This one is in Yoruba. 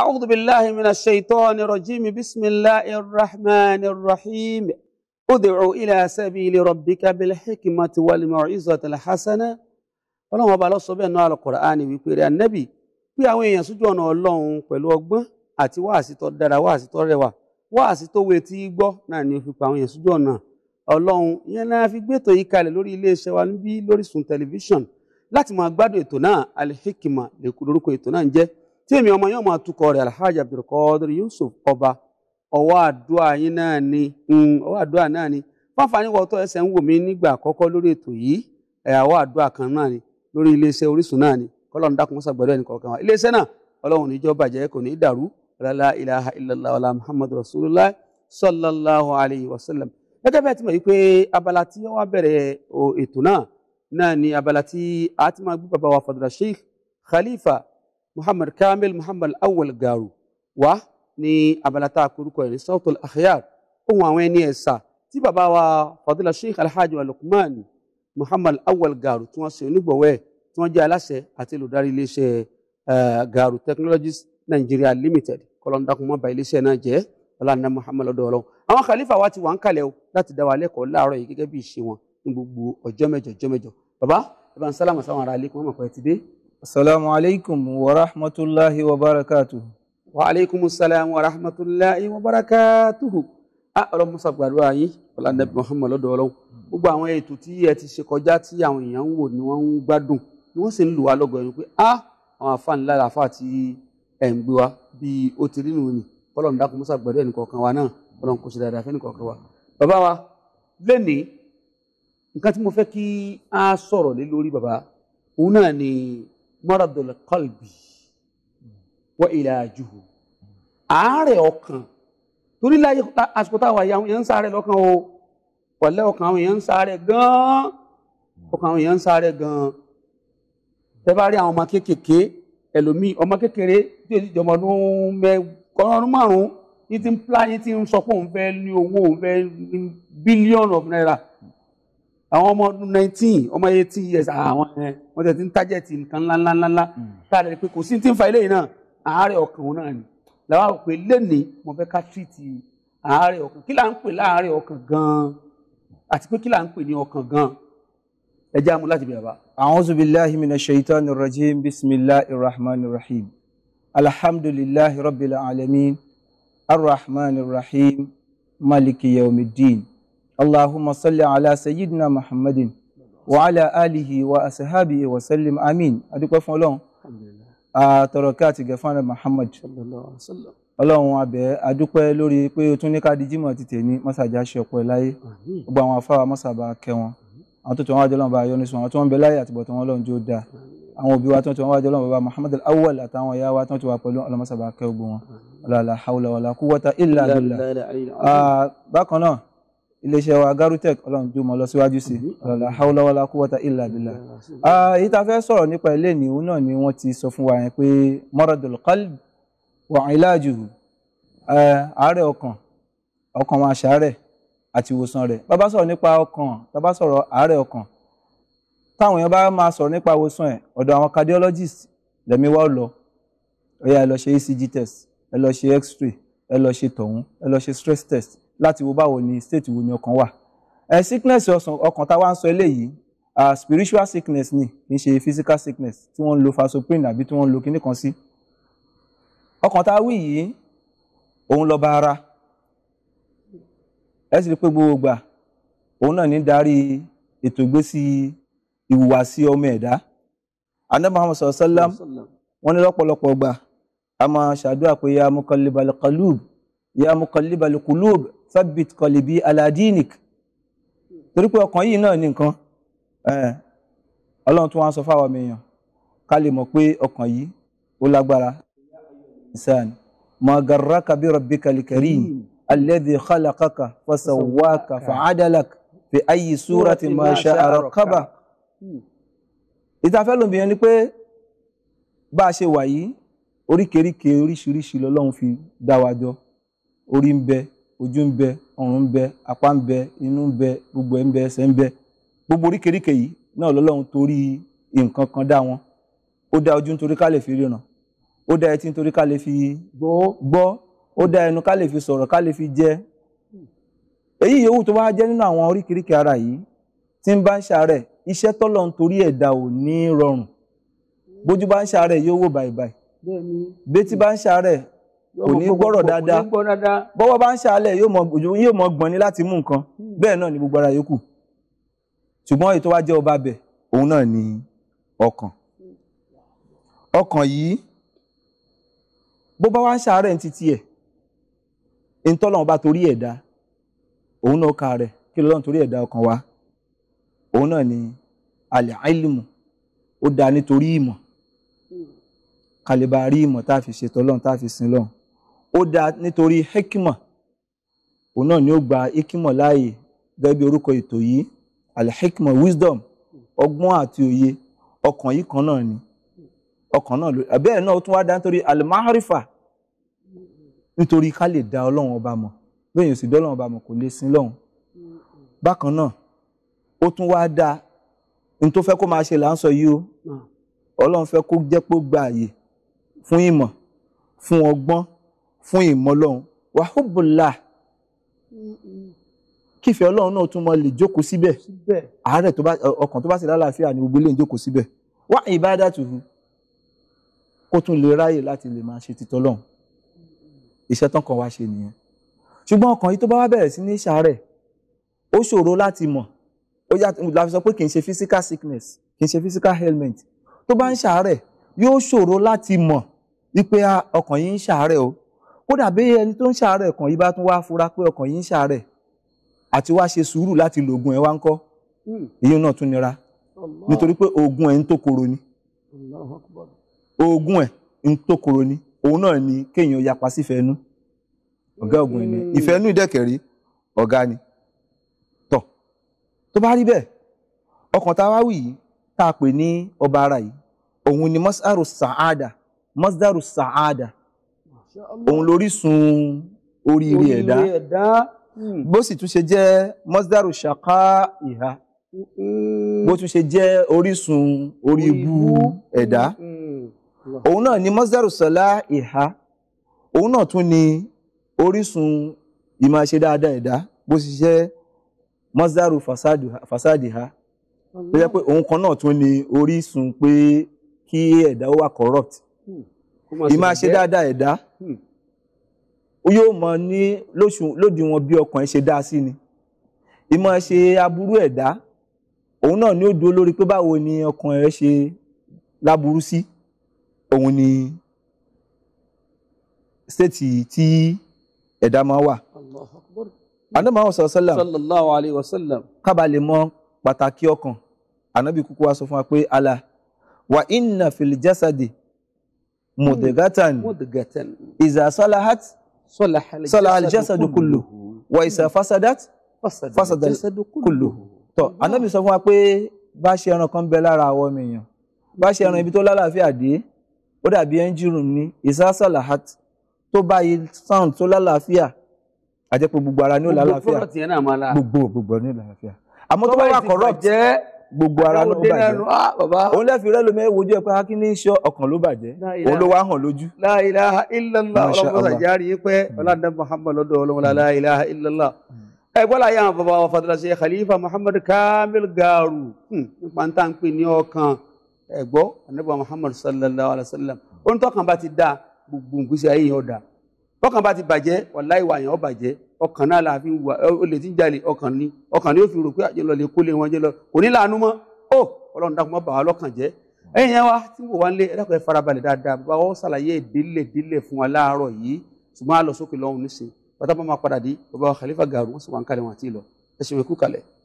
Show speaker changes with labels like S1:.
S1: أعوذ بالله من الشيطان الرجيم بسم الله الرحمن الرحيم ادعو إلى سبيل ربك بالحكمة والموعظة الحسنة ọlọ́run ọba ló sọ bẹ́ẹ̀ náà Al-Qur'ani wípé rẹ̀ ànábì pé àwọn èèyàn sójú ọ̀nà ọlọ́run pẹ̀lú ọgbọ́n àti wáàsí tó dára wáàsí tó rẹwà wáàsí tó wé tí gbọ́ náà ni ó fi pa àwọn èèyàn sójú ọ̀nà ọlọ́run ìyẹn náà fi gbétò yìí kalẹ̀ lórí iléeṣẹ́ wa níbí lórí Orísun tẹlifíṣàn láti máa gbádùn ètò náà al lórúkọ ètò náà ń jẹ́ tí èmi ọmọ yóò máa tukọ̀ rẹ̀ alhaji abdulkadir yusuf ọba ọwọ́ àdúrà yín náà ni mm, ọwọ́ àdúrà náà ni fáfani wọ́tọ́ ẹsẹ̀ ń wò mí nígbà àkọ́kọ́ lórí ètò yìí ọwọ́ àdúrà kan náà ni lórí iléeṣẹ́ orísun náà ni kọ́lọ́run dákun sàgbẹ́rẹ́ ẹnì kọ̀ọ̀kan wa iléeṣẹ́ náà ọlọ́run níjọ́ bàjẹ́ kò ní í dàrú la ilaha illallah wala muhammadu rasulullah sallallahu alayhi wa sallam gẹ́gẹ́ bẹ́ẹ̀ ti mọ̀ wípé abala tí wọ́n wá ètò náà náà ni abala tí a ti máa gbé bàbá wa fadra khalifa muhammad kamil muhammad awal garu wá ní abala tá a korúkọ rẹ̀ sawtul akhyar ohun àwọn ẹni ẹ̀sà tí bàbá wa fadila sheikh alhaji alukuman muhammad awal garu tí wọ́n ṣe onígbọ̀wẹ́ tí wọ́n jẹ́ aláṣẹ àti olùdarí iléeṣẹ́ garu technologies nigeria limited kọlọ́ndàkùnmọ́ ba iléeṣẹ́ náà jẹ́ ọlànà muhammad ọdọ ọlọ́run àwọn khalifa wa ti wà ń kalẹ̀ o láti dá wa lẹ́kọ̀ọ́ láàárọ̀ yìí gẹ́gẹ́ bí ìṣe wọn ní gbogbo ọjọ́ mẹ́jọ ọjọ́ mẹ́jọ bàbá ẹ ń sálàmù sáwọn ará ilé kí wọ́n mọ̀ pé ti dé Assalamu alaikum wa rahmatullahi wa barakatuh. Wa alaikum salam wa rahmatullahi wa barakatuh. A ọ̀rọ̀ Musa gbàdúrà yín, Ọládẹ́bí Muhammad lọ́dọ̀ ọlọ́run. Gbogbo àwọn ètò tí ẹ ti ṣe kọjá tí àwọn èèyàn ń wò ni wọ́n ń gbádùn. Ni wọ́n sì ń lù wá lọ́gọ̀ ẹ̀yìn pé a àwọn àfáàní lára àfáà tí ẹ̀ ń gbé wa bí ó ti rí nù ni. Ọlọ́run dákun Musa gbàdúrà ẹnì kọ̀ọ̀kan wa náà. Ọlọ́run kò ṣe dáadáa fẹ́ ẹnì kọ̀ọ̀kan wa. Bàbá nǹkan tí mo fẹ́ kí a sọ̀rọ̀ lé lórí bàbá, òun náà ni مرض القلب wa ilajuhu àárẹ̀ ọkàn torí láyé àsìkò táwọn èèyàn ń sáré lọ́kàn o pẹ̀lẹ́ ọkàn àwọn èèyàn ń sáré gan-an ọkàn àwọn èèyàn ń sáré gan-an tẹ bá rí àwọn ọmọ kéékèèké ẹlòmíì ọmọ kékeré tí o ti jọmọ ọdún mẹ́ọ̀ọ́dún márùn-ún ní ti ń pla ní ti ń sọ pé òun fẹ́ ní owó òun fẹ́ ní bílíọ̀nù náírà àwọn ọmọ ọdún nineteen ọmọ eighteen years àwọn yẹn wọ́n tẹ̀ ti ń tájẹ̀tì nǹkan ńláńláńlá tá hmm. a lè pe kò sí ti ń fa eléyìí náà àárẹ̀ ọkàn òun náà ni làwọn àpè lẹ́nìí mo fẹ́ ká tírìtì àárẹ̀ ọkàn kí là ń pè láàárẹ̀
S2: ọkàn gan-an àti pé kí là ń pè ní ọkàn gan-an ẹ jẹ́ amú láti bẹ̀rẹ̀ bá. a'udhu billahi minash shaitani rajim bismillahir rahmanir rahim alhamdulillahi rabbil alamin arrahmanir rahim maliki yawmiddin allahumma salli ala sayyidina muhammadin wa ala alihi wa asahabi wa sallim amin adúpẹ́ fún ọlọ́run àtọ̀rọ̀ kí àti gẹ̀fọ́nrẹ́ Muhammad ọlọ́run abẹ́ adúpẹ́ lórí pé o tún ní ká di jímọ̀ ti tèmi mọ́sàjà ṣe ọ̀pọ̀ ẹ̀ láyé gbogbo àwọn afáwà mọ́sàbà kẹ́ wọn àwọn tó tún wájú ọlọ́run bá yọ́nú sùn àwọn tó ń bẹ láyé àtibọ̀ tó wọn lọ́run jó dáa àwọn òbí wa tó tún wájú ọlọ́run bá Muhammad awwal àtàwọn ìyá wa tó tún wà pẹ̀lú ọlọ́mọ́sàbà kẹ́ gbogbo wọn la hawla wala quwwata illa billah bákan náà iléeṣẹ́ wa garutech ọlọ́run jùmọ̀ lọ síwájú sí ọ̀làlá haúláwọ́lá kúwọ́ta ìlà bìlà. èyí tá a fẹ́ sọ̀rọ̀ nípa ilé ìníhun náà ni wọ́n ti sọ fún wa yẹn pé maradul qalb wa ilajuhu àárẹ̀ ọkàn ọkàn wa ṣàárẹ̀ àti ìwòsàn rẹ̀ bàbá sọ̀rọ̀ nípa ọkàn bàbá sọ̀rọ̀ àárẹ̀ ọkàn táwọn èèyàn bá máa sọ̀rọ̀ nípa ìwòsàn ẹ̀ ọ̀dọ̀ àwọn cardiologist ECG e test ẹ lọ x-ray ẹ lọ ṣe tọ̀hún ẹ stress test láti wo báwo ni state wo ni ọkàn wà ẹ eh, sickness ọkàn tá a wá ń sọ eléyìí spiritual sickness ni kì í ṣe physical sickness tí wọ́n ń lo fasoprene àbí tí wọ́n ń lo kinní kan sí ọkàn tá a wí yìí òun lọ́ba ara ẹ sì rí pé gbogbo gbà òun náà ní darí ètò ìgbésí ìhùwàsí ọmọ ẹ̀dá anabi muhammad sallallahu alaihi wa ní lọ́pọ̀lọpọ̀ gbà a ṣàdúrà pé ya muqallibal qalub ya muqallibal qulub thabbit qalbi ala dinik torí pé ọkàn yìí náà ní nǹkan ọlọ́run tún wá ń sọ fáwọn èèyàn ká lè mọ̀ pé ọkàn yìí ó lágbára insan ma garraka bi rabbikal karim alladhi khalaqaka fasawwaka fa'adalak fi ayyi surati ma sha'a rakaba ìtafẹ́ lòmìnira ni pé bá a ṣe wà yìí oríkèéríkèé oríṣiríṣi lọ́lọ́run fi dá wa jọ orí ń bẹ ojú ń bẹ ọrùn ń bẹ apá ń bẹ inú ń bẹ gbogbo ẹ̀ ń bẹ ẹsẹ̀ ń bẹ gbogbo oríkèéríkè yìí náà lọ́lọ́run torí nǹkan kan dá wọn ó dá ojú nítorí ká lè fi ríran ó dá etí nítorí ká lè fi gbọ́ ó dá ẹnu ká lè fi sọ̀rọ̀ ká lè fi jẹ èyí yòówù tó bá jẹ́ nínú àwọn oríkèéríkè ara yìí tí ń bá ń ṣàárẹ̀ iṣẹ́ tọ́lọ́run torí ẹ̀dá ò ní rọrùn bójú bá ń ṣàárẹ̀ yóò wò bàìbàì bétí bá ń ṣàárẹ̀ kò ní gbọ́rọ̀ dáadáa bọ́wọ́ bá ń ṣàlẹ̀ yóò mọ gbọ̀n ní láti mú nǹkan bẹ́ẹ̀ náà ni gbogbo ara yòókù ṣùgbọ́n èyí tó wá jẹ́ ọba bẹ̀ òun náà ni ọkàn ọkàn yìí bó bá wá ń ṣàárẹ̀ ní títí ẹ̀ ìtọ́lọ́run bá torí ẹ̀dá òun náà ka rẹ̀ kí lọ́lọ́run torí ẹ̀dá ọkàn wa òun náà ni alẹ́ àìlìmù ó dáa nítorí ìmọ̀ kalẹ̀ rí ìmọ̀ tá a fi ṣètọ́ lọ́run tá a fi sin lọ́run ó dáa nítorí hekima òun náà ni ó gba hekima láàyè gẹ́gẹ́ bí orúkọ ètò yìí alhekima wisdom ọgbọ́n àti òye ọkàn yìí kan náà ni ọkàn náà ló bẹ́ẹ̀ náà ó tún wá dá nítorí alimaharifa nítorí ká lè dá ọlọ́run ọba mọ̀ bẹ́ẹ̀ yóò sì dá ọlọ́run ọba mọ̀ kò lè sin lọ́hùn bákan náà ó tún wá dá ní tó fẹ́ kó máa ṣe là ń sọ yìí o ọlọ́run fẹ́ kó jẹ́ pé ó gba àyè fún ìmọ̀ fún ọgbọ́n fún ìmọ̀lọ́hún wàhùbùlà kífẹ́ ọlọ́run náà tún mọ lè jókòó síbẹ̀ àárẹ̀ ọkàn tó bá sì lálàáfíà ni gbogbo lè jókòó síbẹ̀ wá ìbádà tùhù kó tún lè ráyè láti lè máa ṣe títọ́ lọ́hùn iṣẹ́ tán kan wá ṣe nìyẹn ṣùgbọ́n ọkàn yìí tó bá wá bẹ̀rẹ̀ sí ní ṣàárẹ̀ ó ṣòro láti mọ̀ ó yàtọ̀ la fi sọ pé kì í ṣe physical sickness kì í ṣe physical ailment tó bá ń ṣàárẹ̀ yóò ṣòro láti mọ̀ wípé ah, ọkàn yìí ń ṣàárẹ̀ o kódà bí ẹni tó ń ṣàárẹ̀ ọkàn yìí bá tún wá fura pé ọkàn yìí ń ṣàárẹ̀ àti wá ṣe sùúrù láti lo oògùn ẹ̀ wá ń kọ́ hmm. ìyẹn náà tún nira nítorí pé oògùn ẹ̀ ń tó koro ni oògùn ẹ̀ ń tó koro ni òun náà ni kéèyàn yapa sí ìfẹ́nu ọ̀gá oògùn ẹ̀ ni hmm. ìfẹ́nu ìdẹ́kẹ̀rí ọ̀gá ni tọ̀ tó bá rí bẹ́ẹ̀ ọkàn tá a wá wì yìí tá a pè ní ọba ara yìí òun ni mọ́sàrù sàáda mọ́sàrù sàáda òun lórísun oríire ẹ̀dá hmm. bó sì tún ṣe jẹ́ mọ́sídàrú ṣàká ìhà bó tún ṣe jẹ́ orísun orí ibú ẹ̀dá hmm. òun náà ni mọ́sídàrú sọlá ìhà òun náà tún ni orísun ìmáṣe dáadáa ẹ̀dá bó sì ṣe mọ́sídàrú fàṣádì ha tó jẹ́ pé òun kan náà tún ni orísun pé kí ẹ̀dá ó wà corrupt ìmáa ṣe dáadáa ẹ̀dá hmm. yóò mọ ní lódiwọ̀n bí ọkàn ẹ̀ ṣe dá sí ni ìmọ̀ ṣe aburú ẹ̀dá òun náà ni ó dúró lórí pé báwo ni ọkàn ẹ̀ ṣe láburú sí òun ni stéètì tí ẹ̀dá máa wà. Ànábì àwọn sọ̀rọ̀ sallallahu alayhi wa sallam. Kábà lè mọ pàtàkì ọkàn, ànábì kúkú wá sọ fún wa pé Allah, wa inna fil jasadi مضغة مضغة إذا صلحت صلح صلح الجسد كله وإذا فسدت فسد الجسد كله tọ Ànábì sọ fún wa pé bá ṣe ẹran kan bẹ lára àwọn ọmọ èèyàn bá ṣe ẹran ibi tó lálàáfíà dé ó dàbí ẹnjìrún ní ìsásàlàhàt tó bá yí sound tó lálàáfíà àjẹpọ gbogbo ara ní ó lálàáfíà gbogbo gbogbo ní ó lálàáfíà àmọ́ tó bá wà corrupt gbogbo ara ló bàjẹ́ òun lẹ́fi ah, rẹ́ lomi wojú ẹ̀ pé a kí ní sọ ọkàn ló bàjẹ́ òun ló wá hàn lójú. la ilaha illallah
S1: ọlọ́mọdé àjárí pé hmm. ọlọ́dẹ muhammad lọ́dọ̀ ọlọ́mọdé hmm. la ilaha illallah. Hmm. ẹ gbọ́dọ̀ yà bàbá wa fadúrà sí khalifa muhammad kamil garu nípa n ta n pè ní ọkàn ẹ gbọ́ anabi muhammad sallallahu alayhi wa sallam ohun tọkàn bá ti da gbogbo ngbèsè ayé yẹn ó da tọkàn bá ti bàjẹ́ wàláyé wà yẹn ó bàjẹ́ ọkàn náà la wà olè tí ń ọkàn ni ọkàn ni ó fi rò pé àjẹlọ lè kólé wọn jẹlọ kò ní láàánú mọ́ ó ọlọ́run dákun má bà wá lọ́kàn jẹ́ yẹn wa tí wò wá nílé ẹ̀dá kan ẹ̀ farabalẹ̀ dáadáa bá wọ́n ṣàlàyé ìdílé ìdílé fún wa láàárọ̀ yìí ṣùgbọ́n a lọ sókè lọ́hùn níṣe pátápá máa padà dé bàbá wa Khalifa Garu wọ́n sì wá ń kalẹ̀ wọn àti ìlọ ẹ̀sìn ìwé kú kalẹ̀